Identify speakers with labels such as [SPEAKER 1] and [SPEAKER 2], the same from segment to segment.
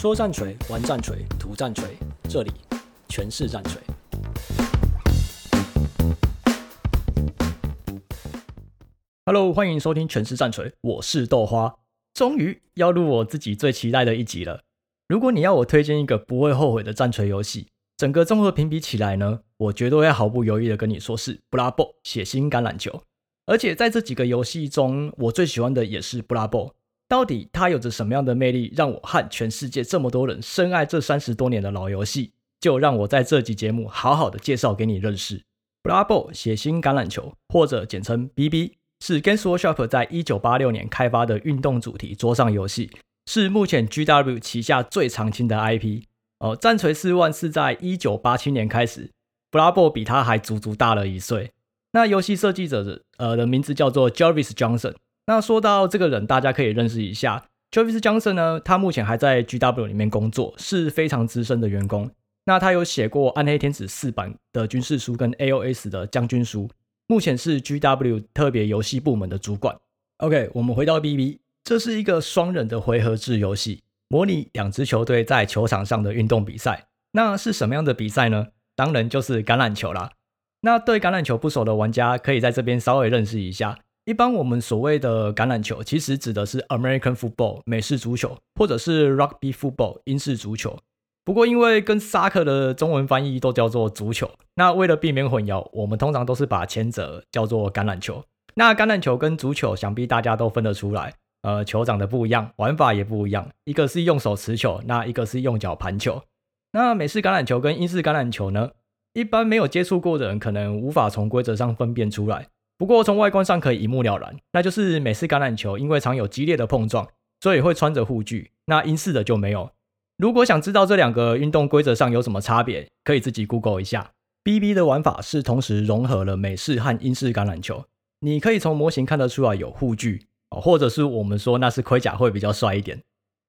[SPEAKER 1] 說戰錘，玩戰錘，圖戰錘，這裡全是戰錘。Hello，歡迎收聽《全是戰錘》Hello，戰錘，我是豆花。終於要錄我自己最期待的一集了。如果你要我推薦一個不會後悔的戰錘遊戲，整個綜合評比起來呢，我絕對會毫不猶豫的跟你說是《Blood Bowl》血腥橄欖球。而且在這幾個遊戲中，我最喜歡的也是《Blood Bowl》到底它有着什麼樣的魅力，讓我和全世界這麼多人深愛這三十多年的老遊戲？就讓我在這集節目好好的介紹給你認識。Blood Bowl 血腥橄欖球，或者簡稱 BB，是 Games Workshop 在一九八六年開發的運動主題桌上遊戲，是目前 GW 旗下最常青的 IP。哦，戰錘四萬是在一九八七年開始，Blood Bowl 比它還足足大了一歲。那遊戲設計者的呃的名字叫做 Jervis Johnson。那說到這個人，大家可以認識一下，Jervis Johnson 呢，他目前還在 GW 裡面工作，是非常資深的員工。那他有寫過《暗黑天使》四版的軍事書，跟 AOS 的將軍書，目前是 GW 特別遊戲部門的主管。OK，我們回到 BB，這是一個雙人的回合制遊戲，模擬兩支球隊在球場上的運動比賽。那是什麼樣的比賽呢？當然就是橄欖球啦。那對橄欖球不熟的玩家，可以在這邊稍微認識一下。一般我們所謂的橄欖球，其實指的是 American football 美式足球，或者是 Rugby football 英式足球。不過因為跟 soccer 的中文翻譯都叫做足球，那為了避免混淆，我們通常都是把前者叫做橄欖球。那橄欖球跟足球，想必大家都分得出來。呃，球長得不一樣，玩法也不一樣。一個是用手持球，那一個是用腳盤球。那美式橄欖球跟英式橄欖球呢，一般沒有接觸過的人，可能無法從規則上分辨出來。不過從外觀上可以一目了然，那就是美式橄欖球因為常有激烈的碰撞，所以會穿着護具，那英式的就沒有。如果想知道這兩個運動規則上有什麼差別，可以自己 Google 一下。B B 的玩法是同時融合了美式和英式橄欖球，你可以從模型看得出來有護具，或者是我們說那是盔甲會比較帥一點。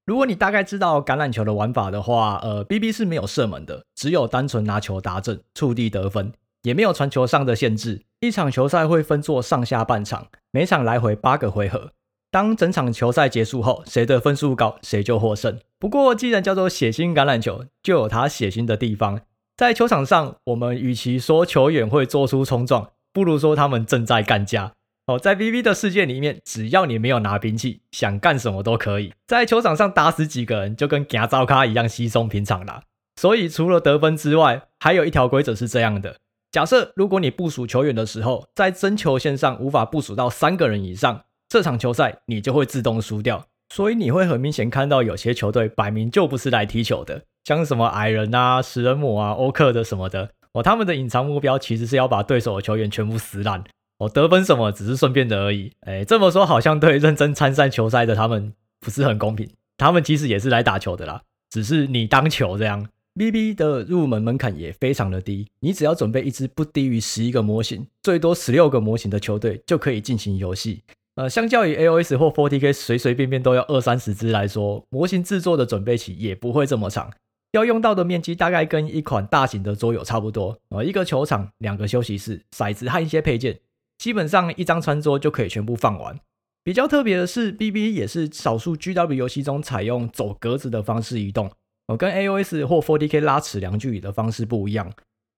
[SPEAKER 1] 如果你大概知道橄欖球的玩法的話，呃，B B 是沒有射門的，只有單純拿球達陣、觸地得分，也沒有傳球上的限制。一場球賽會分作上下半場，每場來回八個回合。當整場球賽結束後，誰的分數高，誰就獲勝。不過，既然叫做血腥橄欖球，就有它血腥的地方。在球場上，我們與其說球員會做出衝撞，不如說他們正在幹架。哦，在 V V 的世界裡面，只要你沒有拿兵器，想幹什麼都可以。在球場上打死幾個人，就跟幹糟咖一樣稀鬆平常啦。所以，除了得分之外，還有一條規則是這樣的。假設如果你部署球員的時候，在爭球線上無法部署到三個人以上，這場球賽你就會自動輸掉。所以你會很明顯看到，有些球隊擺明就不是來踢球的，像什麼矮人啊、食人魔啊、歐克的什麼的，哦，他們的隱藏目標其實是要把對手的球員全部撕爛，哦，得分什麼只是順便的而已。哎，這麼說好像對認真參賽球賽的他們不是很公平，他們其實也是來打球的啦，只是你當球這樣。B B 的入門門檻也非常的低，你只要準備一支不低於十一個模型，最多十六個模型的球隊就可以進行遊戲。呃，相較於 A O S 或 40K 隨隨便便都要二三十支來說，模型製作的準備期也不會這麼長。要用到的面積大概跟一款大型的桌遊差不多，呃，一個球場，兩個休息室，骰子和一些配件，基本上一張餐桌就可以全部放完。比較特別的是，B B 也是少數 G W 遊戲中採用走格子的方式移動。跟 AOS 或 40K 拉尺量距離的方式不一樣。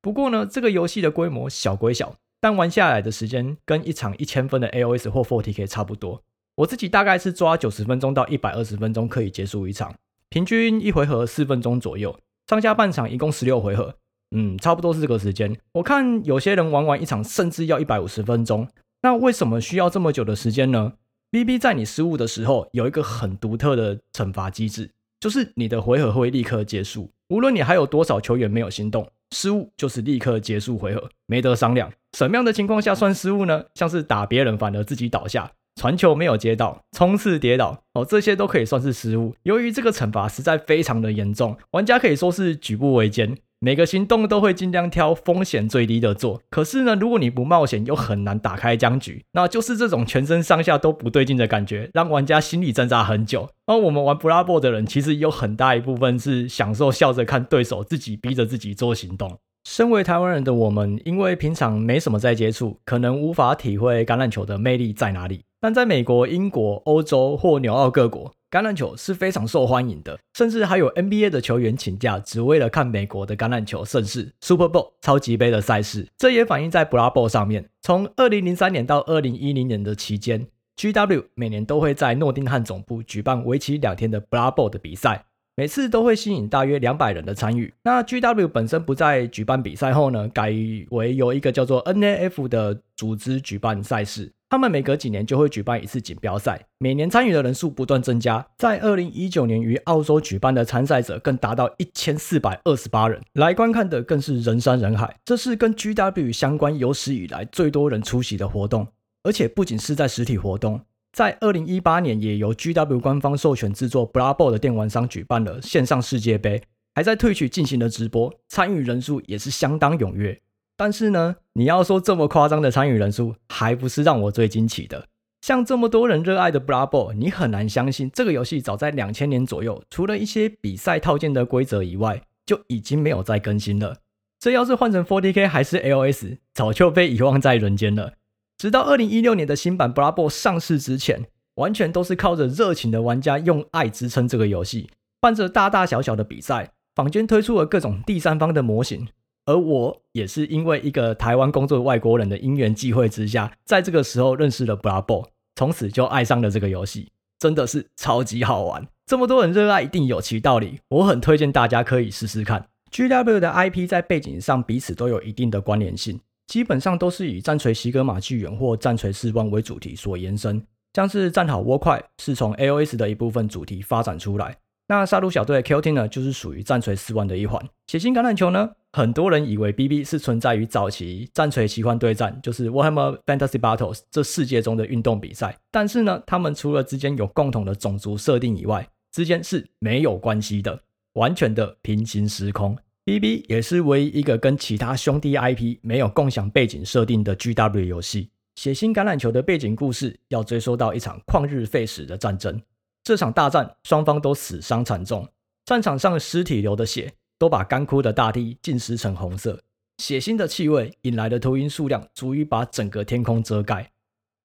[SPEAKER 1] 不過呢，這個遊戲的規模小歸小，但玩下來的時間跟一場一千分的 AOS 或 40K 差不多。我自己大概是抓九十分鐘到一百二十分鐘可以結束一場，平均一回合四分鐘左右。上下半場一共十六回合，嗯，差不多是這個時間。我看有些人玩完一場甚至要一百五十分鐘。那為什麼需要這麼久的時間呢？BB 在你失誤的時候有一個很獨特的懲罰機制。就是你的回合會立刻結束，無論你還有多少球員沒有行動，失誤就是立刻結束回合，沒得商量。什麼樣的情況下算失誤呢？像是打別人反而自己倒下，傳球沒有接到，衝刺跌倒，哦，這些都可以算是失誤。由於這個懲罰實在非常的嚴重，玩家可以說是舉步維艱。每個行動都會盡量挑風險最低的做，可是呢，如果你不冒險，又很難打開僵局，那就是這種全身上下都不對勁的感覺，讓玩家心裡掙扎很久。而我們玩 Blood Bowl 的人，其實有很大一部分是享受笑着看對手自己逼着自己做行動。身為台灣人的我們，因為平常沒什麼在接觸，可能無法體會橄欖球的魅力在哪裡。但在美國、英國、歐洲或紐澳各國。橄欖球是非常受歡迎的，甚至還有 NBA 的球員請假，只為了看美國的橄欖球盛事 Super Bowl 超級盃的賽事。這也反映在 Blood Bowl 上面。從二零零三年到二零一零年的期間，GW 每年都會在諾丁漢總部舉辦為期兩天的 Blood Bowl 的比賽，每次都會吸引大約兩百人的參與。那 GW 本身不再舉辦比賽後呢，改為由一個叫做 NAF 的組織舉辦賽事。他們每隔幾年就會舉辦一次錦標賽，每年參與的人數不斷增加。在2019年於澳洲舉辦的參賽者更達到1428人，來觀看的更是人山人海。這是跟 GW 相關有史以來最多人出席的活動，而且不僅是在實體活動，在2018年也由 GW 官方授權制作 Blood Bowl 的電玩商舉辦了線上世界杯，還在 Twitch 進行了直播，參與人數也是相當踴躍。但是呢，你要說這麼誇張的參與人數，還不是讓我最驚奇的。像這麼多人熱愛的《Blood Bowl》，你很難相信，這個遊戲早在兩千年左右，除了一些比賽套件的規則以外，就已經沒有再更新了。這要是換成 40K 還是 AOS，早就被遺忘在人間了。直到二零一六年的新版《Blood Bowl》上市之前，完全都是靠着熱情的玩家用愛支撐這個遊戲，伴着大大小小的比賽，坊間推出了各種第三方的模型。而我也是因為一個台灣工作外國人的因緣際會之下，在這個時候認識了 Blood Bowl，從此就愛上了這個遊戲，真的是超級好玩。這麼多人熱愛，一定有其道理，我很推薦大家可以試試看。GW 的 IP 在背景上彼此都有一定的關聯性，基本上都是以戰錘西格瑪紀元或戰錘四萬為主題所延伸。像是戰錘 Warcry 是從 AOS 的一部分主題發展出來。那殺戮小隊 QTE 呢，就是屬於戰錘四萬的一環。血腥橄欖球呢，很多人以為 BB 是存在於早期戰錘奇幻對戰，就是 Warhammer Fantasy Battles 這世界中的運動比賽。但是呢，他們除了之間有共同的種族設定以外，之間是沒有關係的，完全的平行時空。BB 也是唯一一個跟其他兄弟 IP 沒有共享背景設定的 GW 遊戲。血腥橄欖球的背景故事要追溯到一場曠日費時的戰爭。這場大戰，雙方都死傷慘重，戰場上屍體流的血都把乾枯的大地浸濕成紅色，血腥的氣味引來的禿鷹數量足以把整個天空遮蓋。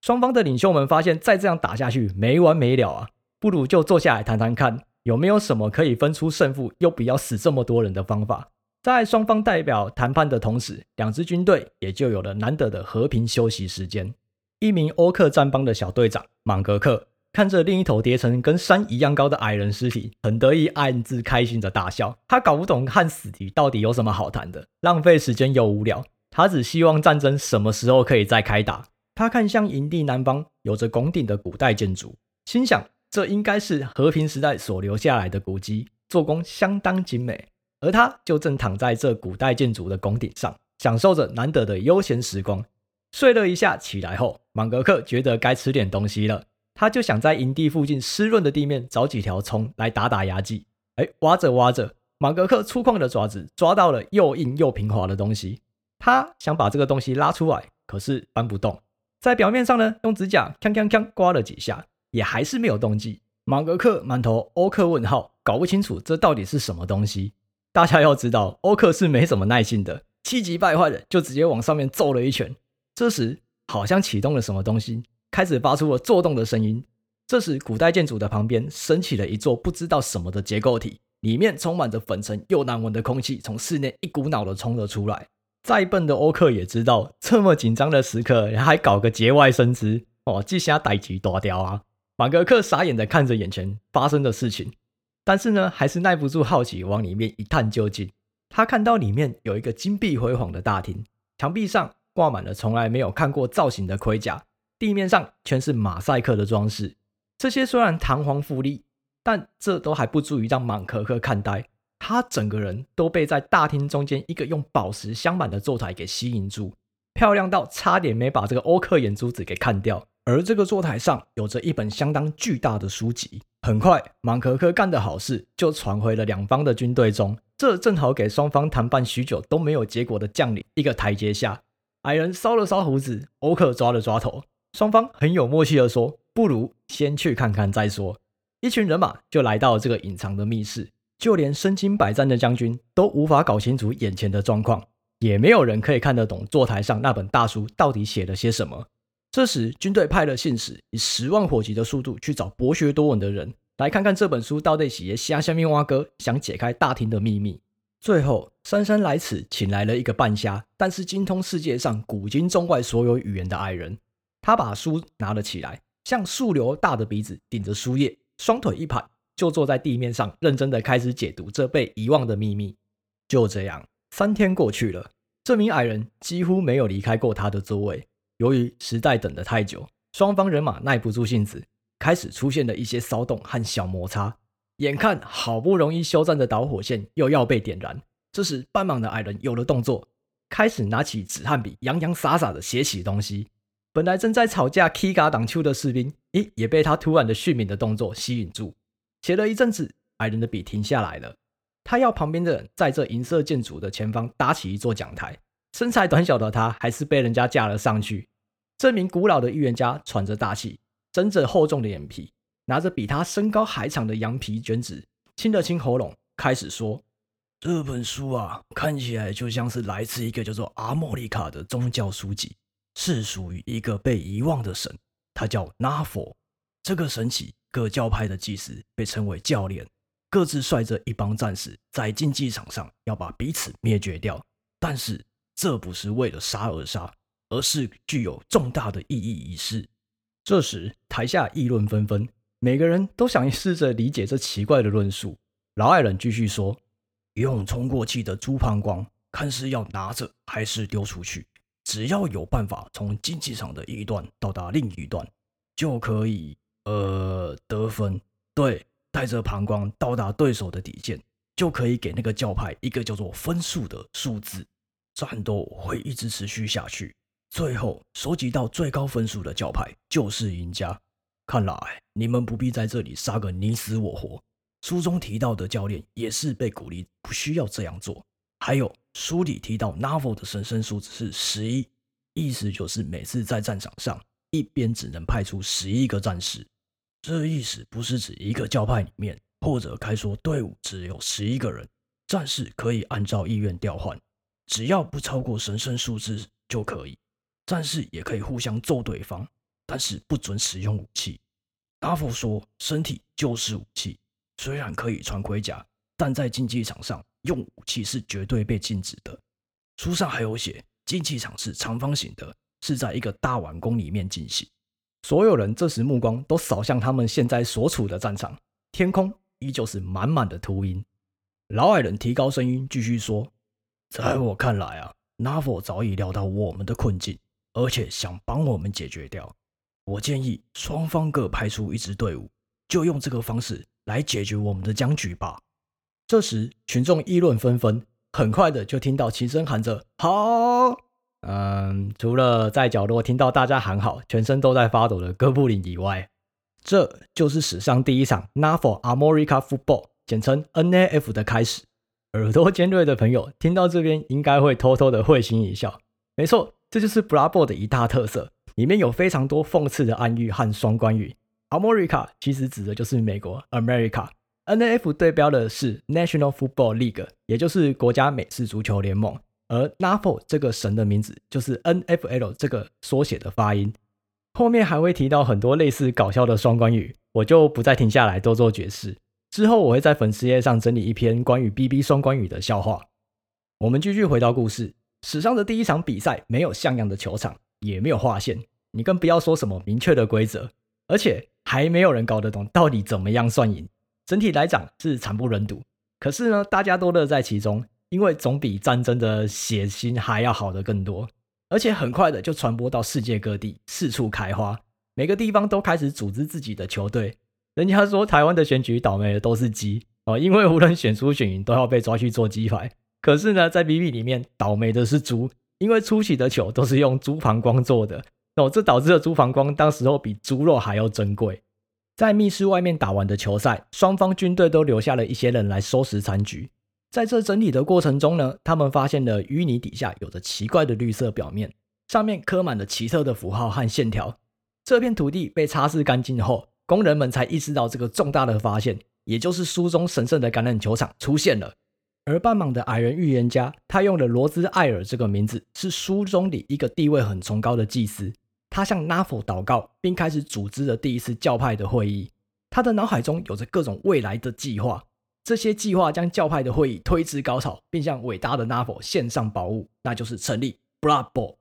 [SPEAKER 1] 雙方的領袖們發現，再這樣打下去沒完沒了啊，不如就坐下來談談看，有沒有什麼可以分出勝負又不要死這麼多人的方法。在雙方代表談判的同時，兩支軍隊也就有了難得的和平休息時間。一名歐克戰幫的小隊長，芒格克。看着另一頭疊成跟山一樣高的矮人屍體，很得意，暗自開心的大笑。他搞不懂和死敵到底有什麼好談的，浪費時間又無聊。他只希望戰爭什麼時候可以再開打。他看向營地南方有着拱頂的古代建築，心想這應該是和平時代所留下來的古蹟，做工相當精美。而他就正躺在這古代建築的拱頂上，享受着難得的悠閒時光。睡了一下，起來後，芒格克覺得該吃點東西了。他就想在營地附近濕潤的地面找幾條蟲來打打牙祭。哎，挖着挖着，馬格克粗獷的爪子抓到了又硬又平滑的東西。他想把這個東西拉出來，可是搬不動。在表面上呢，用指甲鏘鏘鏘刮了幾下，也還是沒有動靜。馬格克滿頭歐克問號，搞不清楚這到底是什麼東西。大家要知道，歐克是沒什麼耐心的，氣急敗壞的就直接往上面揍了一拳。這時，好像啟動了什麼東西。開始發出了作動的聲音。這時，古代建築的旁邊升起了一座不知道什麼的結構體，裡面充滿着粉塵又難聞的空氣，從室內一股腦的衝了出來。再笨的歐克也知道，這麼緊張的時刻還搞個節外生枝，哦，這下代誌大條啊！馬格克傻眼的看着眼前發生的事情，但是呢，還是耐不住好奇，往裡面一探究竟。他看到裡面有一個金碧輝煌的大廳，牆壁上掛滿了從來沒有看過造型的盔甲。地面上全是馬賽克的裝飾，這些雖然堂皇富麗，但這都還不足以讓滿可可看呆。他整個人都被在大廳中間一個用寶石鑲滿的座台給吸引住，漂亮到差點沒把這個歐克眼珠子給看掉。而這個座台上有着一本相當巨大的書籍。很快，滿可可幹的好事就傳回了兩方的軍隊中，這正好給雙方談判許久都沒有結果的將領一個台階下。矮人搔了搔胡子，歐克抓了抓頭。雙方很有默契地說：“不如先去看看再說。”一群人馬就來到了這個隱藏的密室，就連身經百戰的將軍都無法搞清楚眼前的狀況，也沒有人可以看得懂坐台上那本大書到底寫了些什麼。這時，軍隊派了信使，以十萬火急的速度去找博學多聞的人來看看這本書到底寫些什麼歌。蝦麵蛙哥想解開大廳的秘密，最後姍姍來遲，請來了一個半瞎，但是精通世界上古今中外所有語言的矮人。他把書拿了起來，像樹瘤大的鼻子頂着書頁，雙腿一盤就坐在地面上，認真的開始解讀這被遺忘的秘密。就這樣，三天過去了，這名矮人幾乎沒有離開過他的座位。由於實在等得太久，雙方人馬耐不住性子，開始出現了一些騷動和小摩擦。眼看好不容易休戰的導火線又要被點燃，這時半盲的矮人有了動作，開始拿起紙和筆，洋洋灑灑的寫起東西。本來正在吵架、踢打、打球的士兵，咦，也被他突然的續命的動作吸引住。寫了一陣子，矮人的筆停下來了。他要旁邊的人在這銀色建築的前方搭起一座講台。身材短小的他還是被人家架了上去。這名古老的預言家喘着大氣，睜着厚重的眼皮，拿着比他身高還長的羊皮卷紙，清了清喉嚨，開始說：“這本書啊，看起來就像是來自一個叫做阿莫里卡的宗教書籍。”是屬於一個被遺忘的神，他叫納佛。這個神祇各教派的祭司被稱為教練，各自率着一幫戰士在競技場上要把彼此滅絕掉。但是這不是為了殺而殺，而是具有重大的意義儀式。這時台下議論紛紛，每個人都想試着理解這奇怪的論述。老愛人繼續說：“用充過氣的豬膀胱，看是要拿着還是丟出去。”只要有辦法從競技場的一段到達另一段，就可以呃得分。對，帶着膀胱到達對手的底線，就可以給那個教派一個叫做分數的數字。戰鬥會一直持續下去，最後收集到最高分數的教派就是贏家。看來你們不必在這裡殺個你死我活。書中提到的教練也是被鼓勵不需要這樣做。還有。書裡提到 Navel 的神聖數字是十一，意思就是每次在戰場上，一邊只能派出十一個戰士。這意思不是指一個教派裡面，或者開說隊伍只有十一個人，戰士可以按照意願調換，只要不超過神聖數字就可以。戰士也可以互相揍對方，但是不准使用武器。Navel 說，身體就是武器，雖然可以穿盔甲，但在競技場上。用武器是絕對被禁止的。書上還有寫，競技場是長方形的，是在一個大碗宮裡面進行。所有人這時目光都掃向他們現在所處的戰場，天空依舊是滿滿的禿鷹。老矮人提高聲音繼續說：“在我看來啊，納佛早已料到我們的困境，而且想幫我們解決掉。我建議雙方各派出一支隊伍，就用這個方式來解決我們的僵局吧。”這時，群眾議論紛紛，很快的就聽到齊聲喊着“好”。嗯，除了在角落聽到大家喊“好”，全身都在發抖的哥布林以外，這就是史上第一場 Nafo Amorica Football，簡稱 NAF 的開始。耳朵尖銳的朋友聽到這邊，應該會偷偷的會心一笑。沒錯，這就是 Blood Bowl 的一大特色，裡面有非常多諷刺的暗喻和雙關語。Amorica 其實指的就是美國 America。N A F 對標的是 National Football League，也就是國家美式足球聯盟。而 Nuffle 這個神的名字就是 N F L 這個縮寫的發音。後面還會提到很多類似搞笑的雙關語，我就不再停下來多做解釋。之後我會在粉絲頁上整理一篇關於 B B 雙關語的笑話。我們繼續回到故事。史上的第一場比賽沒有像樣的球場，也沒有劃線，你更不要說什麼明確的規則，而且還沒有人搞得懂到底怎麼樣算贏。整體來講是慘不忍睹，可是呢，大家都樂在其中，因為總比戰爭的血腥還要好得更多，而且很快的就傳播到世界各地，四處開花，每個地方都開始組織自己的球隊。人家說台灣的選舉倒霉的都是雞哦，因為無論選輸選贏都要被抓去做雞排。可是呢，在 BB 裡面倒霉的是豬，因為初期的球都是用豬膀胱做的哦，這導致了豬膀胱當時候比豬肉還要珍貴。在密室外面打完的球賽，雙方軍隊都留下了一些人來收拾殘局。在這整理的過程中呢，他們發現了淤泥底下有着奇怪的綠色表面，上面刻滿了奇特的符號和線條。這片土地被擦拭乾淨後，工人們才意識到這個重大的發現，也就是書中神聖的橄欖球場出現了。而半盲的矮人預言家，他用了羅茲艾爾這個名字，是書中裡一個地位很崇高的祭司。他向 Nuffle 禱告，並開始組織了第一次教派的會議。他的腦海中有着各種未來的計劃，這些計劃將教派的會議推至高潮，並向偉大的 Nuffle 獻上寶物，那就是成立 Blood Bowl。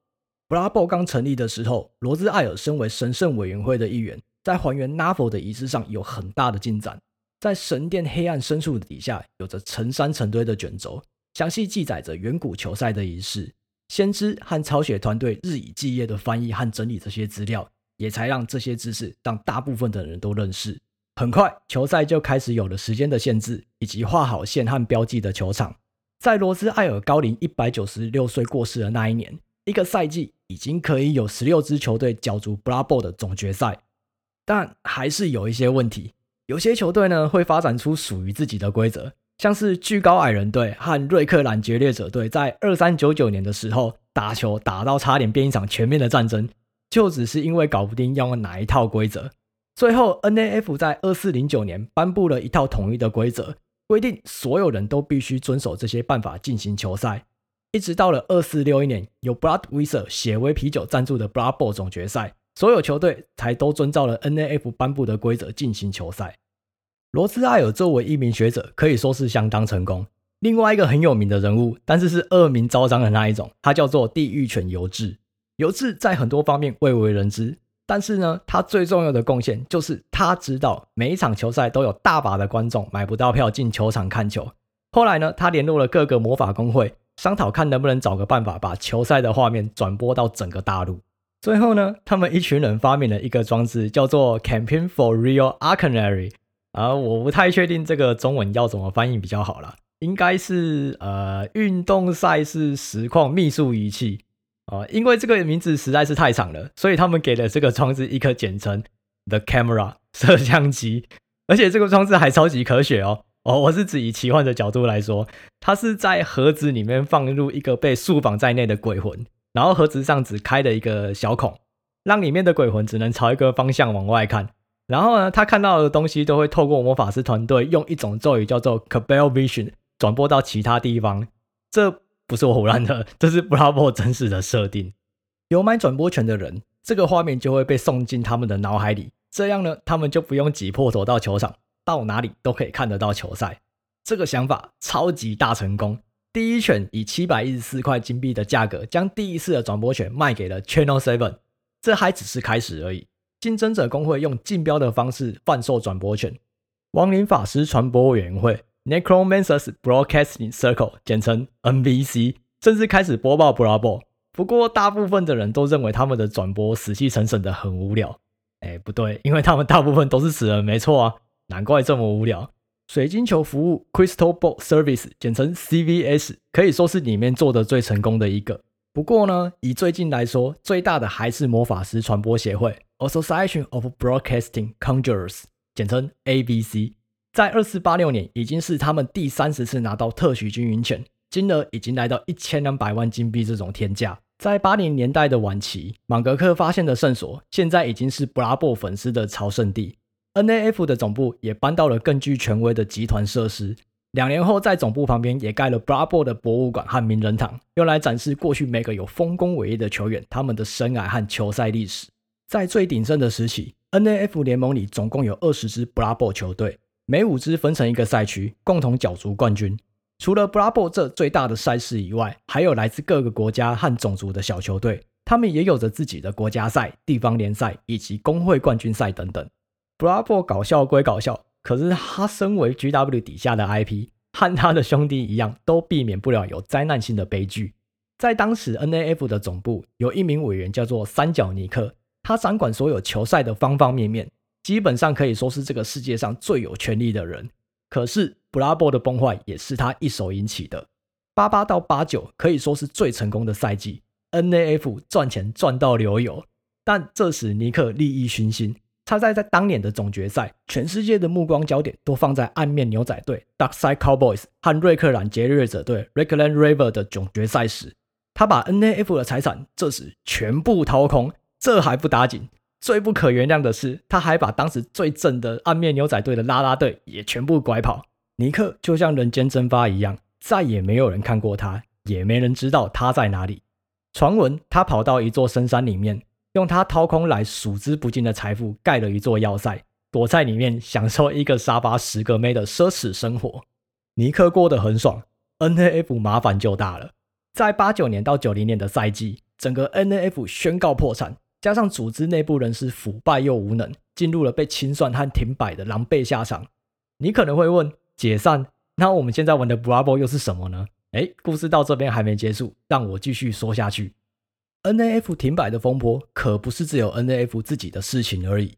[SPEAKER 1] Blood Bowl 剛成立的時候，羅茲艾爾身為神聖委員會的一員，在還原 Nuffle 的儀式上有很大的進展。在神殿黑暗深處的底下，有着成山成堆的卷軸，詳細記載着遠古球賽的儀式。先知和抄寫團隊日以繼夜的翻譯和整理這些資料，也才讓這些知識讓大部分的人都認識。很快，球賽就開始有了時間的限制，以及畫好線和標記的球場。在羅斯艾爾高齡一百九十六歲過世的那一年，一個賽季已經可以有十六支球隊角逐 Blood Bowl 的總決賽，但還是有一些問題。有些球隊呢，會發展出屬於自己的規則。像是巨高矮人隊和瑞克蘭劫掠者隊在二三九九年的時候打球，打到差點變一場全面的戰爭，就只是因為搞不定要用哪一套規則。最後，N A F 在二四零九年頒布了一套統一的規則，規定所有人都必須遵守這些辦法進行球賽。一直到了二四六一年，由 Bloodweiser 血威啤酒贊助的 Blood Bowl 總決賽，所有球隊才都遵照了 N A F 頒布的規則進行球賽。羅斯·艾爾作為一名學者，可以說是相當成功。另外一個很有名的人物，但是是惡名昭彰的那一種，他叫做地獄犬尤智。尤智在很多方面未為人知，但是呢，他最重要的貢獻就是他知道每一場球賽都有大把的觀眾買不到票進球場看球。後來呢，他聯絡了各個魔法工會，商討看能不能找個辦法把球賽的畫面轉播到整個大陸。最後呢，他們一群人發明了一個裝置，叫做《Campaign for Real Arcanary》。啊，我不太確定這個中文要怎麼翻譯比較好啦，應該是呃運動賽事實況秘術儀器啊，呃，因為這個名字實在是太長了，所以他們給了這個裝置一個簡稱 the camera 攝像機，而且這個裝置還超級科學哦，哦，我是指以奇幻的角度來說，它是在盒子裡面放入一個被束綁在內的鬼魂，然後盒子上只開了一個小孔，讓裡面的鬼魂只能朝一個方向往外看。然後呢，他看到的東西都會透過魔法師團隊用一種咒語叫做 Cabalvision 轉播到其他地方。這不是我唬爛的，這是 Blood Bowl 真實的設定。有買轉播權的人，這個畫面就會被送進他們的腦海裡。這樣呢，他們就不用擠破頭到球場，到哪裡都可以看得到球賽。這個想法超級大成功。第一拳以七百一十四塊金幣的價格將第一次的轉播權賣給了 Channel Seven。這還只是開始而已。競爭者工會，用競標的方式販售轉播權。亡靈法師傳播委員會 Necromancers Broadcasting Circle 簡稱 NBC 甚至開始播報 b 廣播。不過，大部分的人都認為他們的轉播死氣沉沉的，很無聊。哎，不對，因為他們大部分都是死人，沒錯啊，難怪這麼無聊。水晶球服務 Crystal Ball Service 簡稱 CVS，可以說是裡面做的最成功的一個。不過呢，以最近來說，最大的還是魔法師傳播協會。Association of Broadcasting Conjurers 簡稱 ABC，在二四八六年已經是他們第三十次拿到特許經營權，金額已經來到一千兩百萬金幣這種天價。在八零年代的晚期，芒格克發現的聖所，現在已經是 Blood Bowl 粉絲的朝聖地。NAF 的總部也搬到了更具權威的集團設施。兩年後，在總部旁邊也蓋了 Blood Bowl 的博物館和名人堂，用來展示過去每個有豐功偉業的球員他們的生涯和球賽歷史。在最鼎盛的時期，N A F 聯盟裡總共有二十支 Blood Bowl 球隊，每五支分成一個賽區，共同角逐冠軍。除了 Blood Bowl 這最大的賽事以外，還有來自各個國家和種族的小球隊，他們也有着自己的國家賽、地方聯賽以及工會冠軍賽等等。Blood Bowl 搞笑歸搞笑，可是他身為 G W 底下的 I P，和他的兄弟一樣，都避免不了有災難性的悲劇。在當時 N A F 的總部，有一名委員叫做三角尼克。他掌管所有球賽的方方面面，基本上可以說是這個世界上最有權力的人。可是，布拉博的崩壞也是他一手引起的。八八到八九可以說是最成功的賽季，N A F 賺錢賺到流油。但這時尼克利益燻心，他在在當年的總決賽，全世界的目光焦點都放在暗面牛仔隊 （Darkside Cowboys） 和瑞克蘭劫掠者隊 （Riceland River） 的總決賽時，他把 N A F 的財產這時全部掏空。這還不打緊，最不可原諒的是，他還把當時最正的暗面牛仔隊的拉拉隊也全部拐跑。尼克就像人間蒸發一樣，再也沒有人看過他，也沒人知道他在哪裡。傳聞他跑到一座深山裡面，用他掏空來數之不盡的財富蓋了一座要塞，躲在裡面享受一個沙發十個妹的奢侈生活。尼克過得很爽，NAF 麻煩就大了。在八九年到九零年的賽季，整個 NAF 宣告破產。加上組織內部人士腐敗又無能，進入了被清算和停擺的狼狽下場。你可能會問：解散？那我們現在玩的 Blood Bowl 又是什麼呢？誒，故事到這邊還沒結束，讓我繼續說下去。NAF 停擺的風波可不是只有 NAF 自己的事情而已。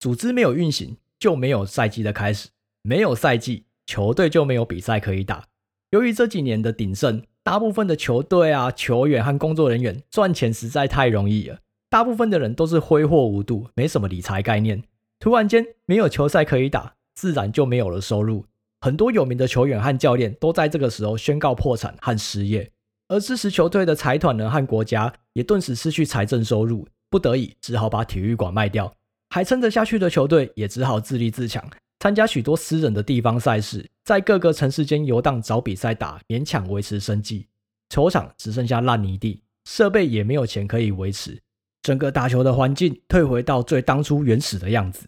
[SPEAKER 1] 組織沒有運行，就沒有賽季的開始；沒有賽季，球隊就沒有比賽可以打。由於這幾年的鼎盛，大部分的球隊啊、球員和工作人員賺錢實在太容易了。大部分的人都是揮霍無度，沒什麼理財概念。突然間沒有球賽可以打，自然就沒有了收入。很多有名的球員和教練都在這個時候宣告破產和失業，而支持球隊的財團人和國家也頓時失去財政收入，不得已只好把體育館賣掉。還撐得下去的球隊也只好自立自強，參加許多私人的地方賽事，在各個城市間遊蕩找比賽打，勉強維持生計。球場只剩下爛泥地，設備也沒有錢可以維持。整個打球的環境退回到最當初原始的樣子。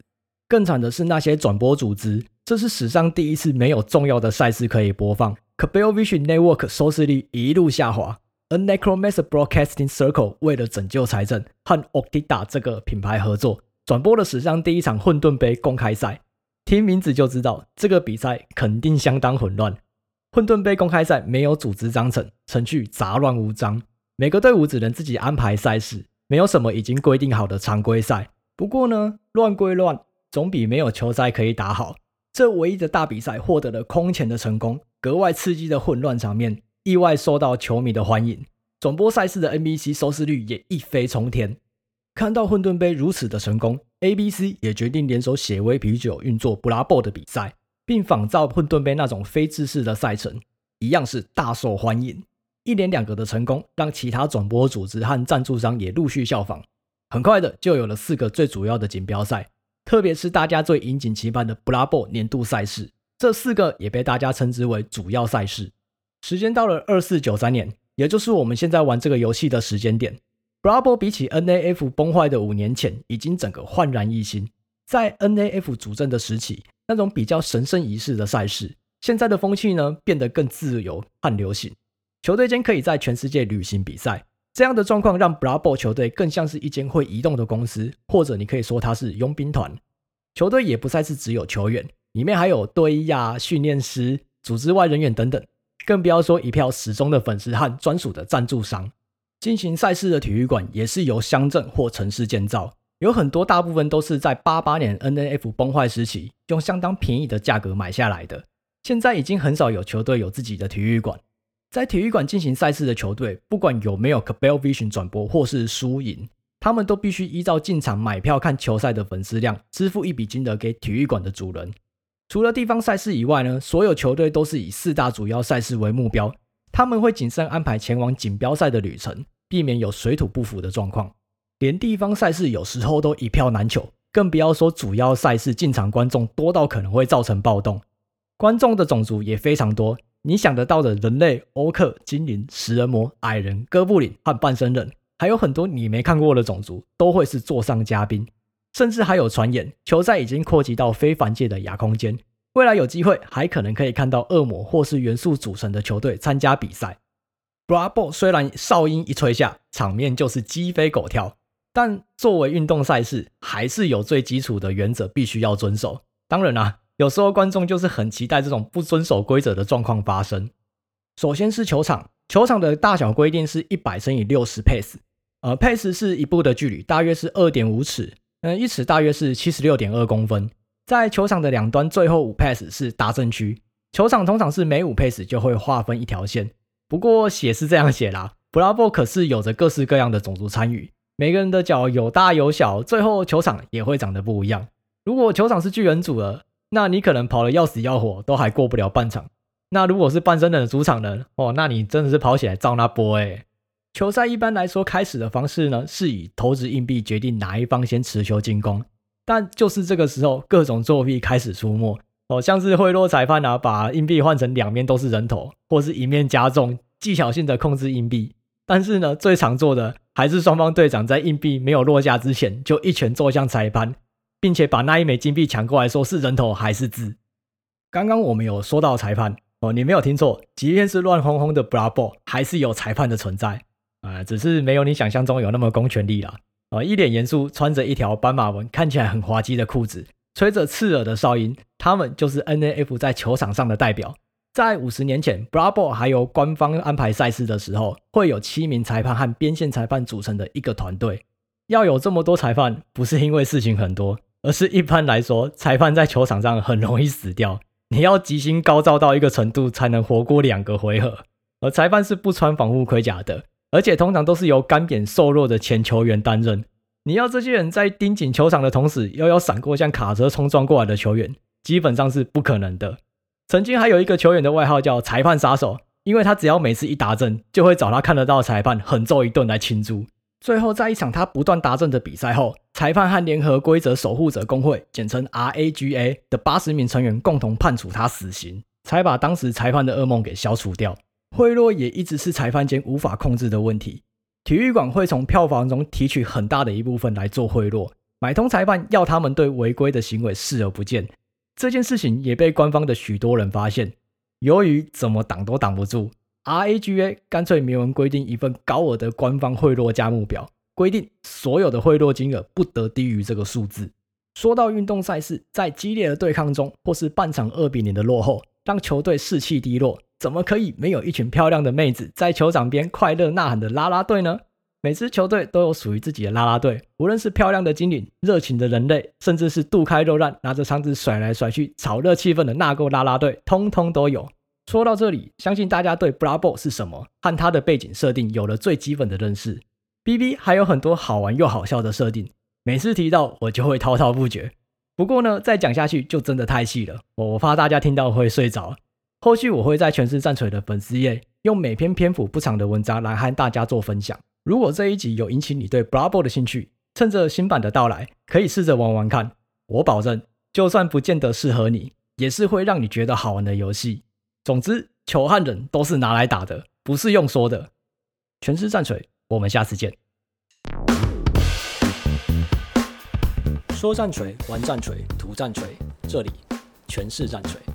[SPEAKER 1] 更慘的是那些轉播組織，這是史上第一次沒有重要的賽事可以播放。Cabalvision Network 收視率一路下滑，而 Necromancer Broadcasting Circle 為了拯救財政，和 Octida 這個品牌合作，轉播了史上第一場混沌杯公開賽。聽名字就知道，這個比賽肯定相當混亂。混沌杯公開賽沒有組織章程，程序雜亂無章，每個隊伍只能自己安排賽事。沒有什麼已經規定好的常規賽，不過呢，亂歸亂，總比沒有球賽可以打好。這唯一的大比賽獲得了空前的成功，格外刺激的混亂場面意外受到球迷的歡迎，轉播賽事的 NBC 收視率也一飛沖天。看到混沌杯如此的成功，ABC 也決定聯手血威啤酒運作布拉布的比賽，並仿照混沌杯那種非正式的賽程，一樣是大受歡迎。一連兩個的成功，讓其他轉播組織和贊助商也陸續效仿，很快的就有了四個最主要的錦標賽，特別是大家最引頸期盼的 Blood Bowl 年度賽事，這四個也被大家稱之為主要賽事。時間到了二四九三年，也就是我們現在玩這個遊戲的時間點。Blood Bowl 比起 N A F 崩壞的五年前，已經整個煥然一新。在 N A F 主政的時期，那種比較神聖儀式的賽事，現在的風氣呢變得更自由和流行。球隊間可以在全世界旅行比賽，這樣的狀況讓 Blood Bowl 球隊更像是一間會移動的公司，或者你可以說它是傭兵團。球隊也不再是只有球員，裡面還有隊醫啊、訓練師、組織外人員等等，更不要說一票死忠的粉絲和專屬的贊助商。進行賽事的體育館也是由鄉鎮或城市建造，有很多大部分都是在八八年 N N F 崩壞時期用相當便宜的價格買下來的。現在已經很少有球隊有自己的體育館。在體育館進行賽事的球隊，不管有沒有 Cablevision 轉播或是輸贏，他們都必須依照進場買票看球賽的粉絲量，支付一筆金額給體育館的主人。除了地方賽事以外呢，所有球隊都是以四大主要賽事為目標，他們會謹慎安排前往錦標賽的旅程，避免有水土不服的狀況。連地方賽事有時候都一票難求，更不要說主要賽事，進場觀眾多到可能會造成暴動，觀眾的種族也非常多。你想得到的人類、歐克、精靈、食人魔、矮人、哥布林和半身人，還有很多你沒看過的種族，都會是座上嘉賓。甚至還有傳言，球賽已經擴及到非凡界的亞空間，未來有機會還可能可以看到惡魔或是元素組成的球隊參加比賽。Brabo 雖然哨音一吹下，場面就是雞飛狗跳，但作為運動賽事，還是有最基礎的原則必須要遵守。當然啦、啊。有時候觀眾就是很期待這種不遵守規則的狀況發生。首先是球場，球場的大小規定是一百乘以六十 pace，呃，pace 是一步的距離，大約是二點五尺，嗯、呃，一尺大約是七十六點二公分。在球場的兩端，最後五 pace 是達陣區。球場通常是每五 pace 就會劃分一條線，不過寫是這樣寫了。布拉 o 可是有着各式各樣的種族參與，每個人的腳有大有小，最後球場也會長得不一樣。如果球場是巨人組了。那你可能跑的要死要活，都還過不了半場。那如果是半身人的主場呢哦，那你真的是跑起來照那波誒、欸。球賽一般來說開始的方式呢，是以投擲硬幣決定哪一方先持球進攻。但就是這個時候，各種作弊開始出沒哦，像是賄賂裁判啊，把硬幣換成兩面都是人頭，或是一面加重，技巧性的控制硬幣。但是呢，最常做的還是雙方隊長在硬幣沒有落下之前，就一拳揍向裁判。並且把那一枚金幣搶過來，說是人頭還是字？剛剛我們有說到裁判哦，你沒有聽錯，即便是亂哄哄的 Blood Bowl 還是有裁判的存在啊、呃，只是沒有你想象中有那麼公權力了。哦，一臉嚴肅，穿着一條斑馬紋，看起來很滑稽的褲子，吹着刺耳的哨音，他們就是 NAF 在球場上的代表。在五十年前，Blood Bowl 還由官方安排賽事的時候，會有七名裁判和邊線裁判組成的一個團隊。要有這麼多裁判，不是因為事情很多。而是一般來說，裁判在球場上很容易死掉。你要吉星高照到一個程度，才能活過兩個回合。而裁判是不穿防護盔甲的，而且通常都是由乾癟瘦弱的前球員擔任。你要這些人在盯緊球場的同時，又要閃過像卡車衝撞過來的球員，基本上是不可能的。曾經還有一個球員的外號叫“裁判殺手”，因為他只要每次一達陣，就會找他看得到的裁判狠揍一頓來慶祝。最後在一場他不斷達陣的比賽後。裁判和聯合規則守護者工會（簡稱 RAGA） 的八十名成員共同判處他死刑，才把當時裁判的噩夢給消除掉。賄賂也一直是裁判間無法控制的問題。體育館會從票房中提取很大的一部分來做賄賂，買通裁判，要他們對違規的行為視而不見。這件事情也被官方的許多人發現。由於怎麼擋都擋不住，RAGA 乾脆明文規定一份高額的官方賄賂價目表。規定所有的賄賂金額不得低於這個數字。說到運動賽事，在激烈的對抗中或是半場二比零的落後，讓球隊士氣低落，怎麼可以沒有一群漂亮的妹子在球場邊快樂吶喊的拉拉隊呢？每支球隊都有屬於自己的拉拉隊，無論是漂亮的精靈、熱情的人類，甚至是肚開肉爛、拿着腸子甩來甩去、炒熱氣氛的納垢拉拉隊，通通都有。說到這裡，相信大家對 Blood Bowl 是什麼和它的背景設定有了最基本的認識。B B 還有很多好玩又好笑的設定，每次提到我就會滔滔不絕。不過呢，再講下去就真的太細了，我怕大家聽到會睡着。後續我會在《全職戰錘》的粉絲頁，用每篇篇幅不長的文章來和大家做分享。如果這一集有引起你對 Blood Bowl 的興趣，趁着新版的到來，可以試着玩玩看。我保證，就算不見得適合你，也是會讓你覺得好玩的遊戲。總之，球和人都是拿來打的，不是用說的。《全職戰錘》。我們下次見。說戰錘，玩戰錘，塗戰錘，這裡全是戰錘。